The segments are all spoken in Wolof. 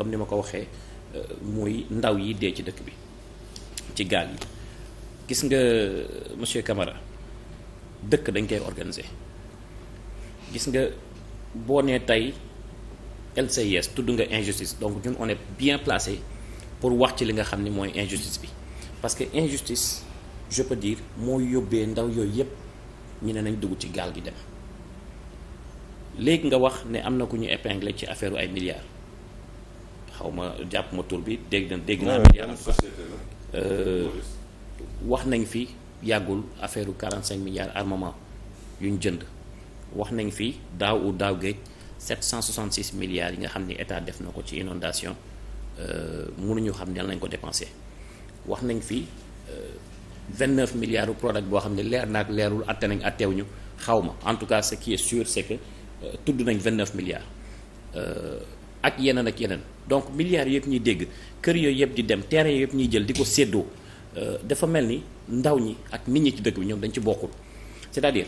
comme ni ma ko waxee euh, muy ndaw yi dee ci dëkk bi ci gaal yi gis nga monsieur kamara dëkk dañ koy organiser gis nga boo nee tey LCIS tudd nga injustice donc ñun one bien placé pour wax ci li nga xam ni mooy injustice bi parce que injustice je peux dire moo yóbbee ndaw yooyu yépp ñu ne nañ dugg ci gaal gi dem léegi nga wax ne am na ku ñu épinglé ci affaire ay milliards xaw ma jàpp ma tur bi dégg na dégg naa euh, wax nañ fi yàggul affaire u 45 milliards armement yu ñu jënd wax nañ fi daaw u daaw géej 766 milliards yi nga xam ni état def na ko ci inondation euh, mënuñu xam ne lañ ko dépensé wax nañ fi 29 euh, milliards u product boo xam ne leer naag leerul atte nañ attewuñu xaw ma en tout cas ce qui est sûr c'est que tudd nañ 29 milliards. ak yeneen ak yeneen donc milliards yëpp ñuy dégg kër yooyu yëpp di dem terrain yëpp ñuy jël di ko séddoo euh, dafa mel ni ndaw ñi ak nit ñi ci dëkk bi ñoom dañ ci bokkul c'est-à-dire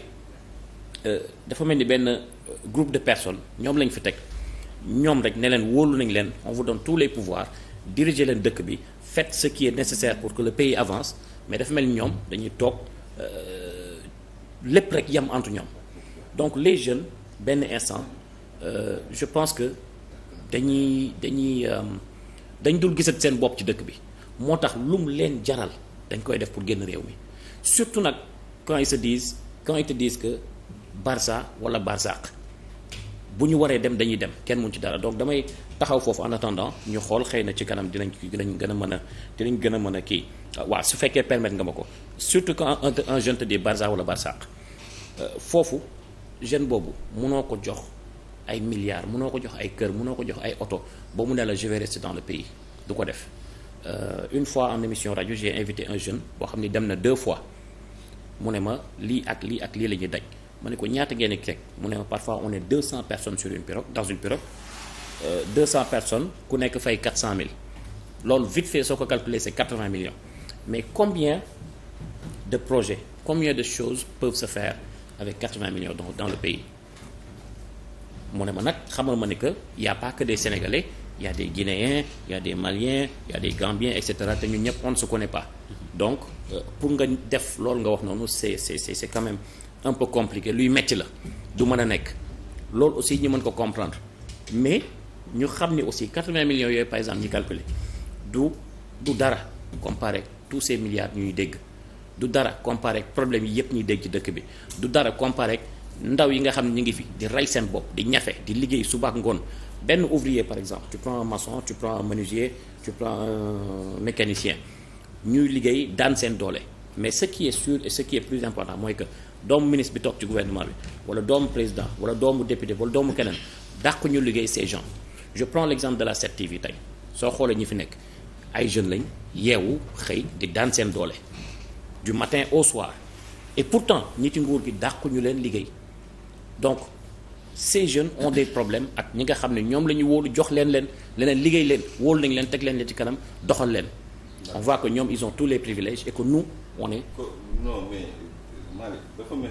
euh, dafa mel ni benn euh, groupe de personnes ñoom lañ fi teg ñoom rek ne leen wóolu nañ leen on vous donne tous les pouvoirs diriger leen dëkk bi faites sa qui est nécessaire pour que le pays avance mais dafa mel ni ñoom dañuy toog lépp rek yam entre ñoom donc les jeunes benn instant je pense que dañuy dañuy euh, dañ dul gisat seen bopp ci dëkk bi moo tax lum leen jaral dañ koy def pour génn réew mi surtout nag quand ils se disent quand que Barça wala Barsaq bu ñu waree dem dañuy dem kenn mun ci dara donc damay taxaw foofu en attendant ñu xool xëy na ci kanam dinañ dinañ gën a mën a dinañ gën a mën a kii ah, waa su fekkee permettre nga ma ko surtout quand un jeune te dit Barça wala Barsaq euh, foofu jeune boobu munoo ko jox. ay milliards munoo ko jox ay kër mënoo ko jox ay oto ba mu ne la je vais rester dans le pays du ko def euh, une fois en émission rajo j'ai invité un jeune boo xam ni dem na deux fois mu ma lii ak lii ak lii la ñuy daj ma ne ko ñaata ngeen kekk mu ne ma parfois on est 200 personnes sur une pirogue dans une pirogue 200 euh, personnes ku nekk fay 400 000 loolu vite fait ko calculer c'est 80 millions mais combien de projets combien de choses peuvent se faire avec 80 millions dans dans le pays mu ne ma nag xamal ma ne que y' a pas que des sénégalais y' a des guinéens y' a des maliens y' a te ñun ñëpp on ne se connaît pas. donc euh, pour nga def loolu nga wax noonu c' est c' est un peu compliqué luy metti la du mën a nekk loolu aussi ñu mën ko comprendre mais ñu xam ni aussi 80 millions yooyu par exemple ñu calculer du du dara comparé tous ces milliards ñuy dégg du dara comparé problème yi yëpp ñuy dégg ci dëkk bi du dara comparé. ndaw yi nga xam ne ñu ngi fi di rey seen bopp di ñafe di liggéey suba ak ngoon benn ouvrier par exemple tu prends mason maçon tu prends un menuisier tu prends un mécanicien ñuy liggéey daan seen doole mais ce qui est sûr et ce qui est plus important mooy que doomu ministre bi toog ci gouvernement bi wala doomu président wala doomu député wala doomu keneen dàq ñu liggéey ces gens je prends l'exemple de la 7 soo xoolee ñi fi nekk ay jeunes lañ yeewu xëy di daan seen doole du matin au soir et pourtant ñi ci nguur gi dàq leen liggéey donc ces jeunes ont des problèmes ak ñi nga xam ne ñoom la ñu wóolu jox leen leen leneen liggéey leen wóolu nañ leen teg leen leen ci kanam doxal leen on voit que ñoom ils ont tous les privilèges et que nous on est. non a dem.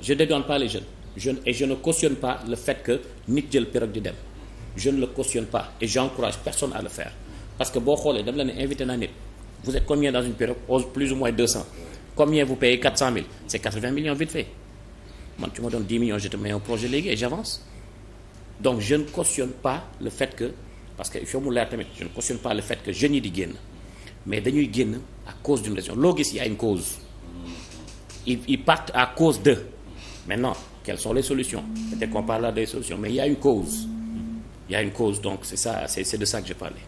je dédouane pas les jeunes je et je ne cautionne pas le fait que nit jël pirogue di dem je ne le cautionne pas et j'encourage personne à le faire parce que boo xoolee dama la ne invité naa nit vous êtes combien dans une pirogue plus ou man tu ma doon 10 millions je te mets un projet léegi et j'avance donc je ne cautionne pas le fait que parce que il faut mu tamit je ne fait que jeunes yi di génn mais dañuy génn à cause d'une raison loo gis y a une cause ils ils à cause de maintenant quelles sont les solutions peut-être qu'on parlera des solutions mais il y a une cause il y a une cause donc c'est de ça que j'ai parlé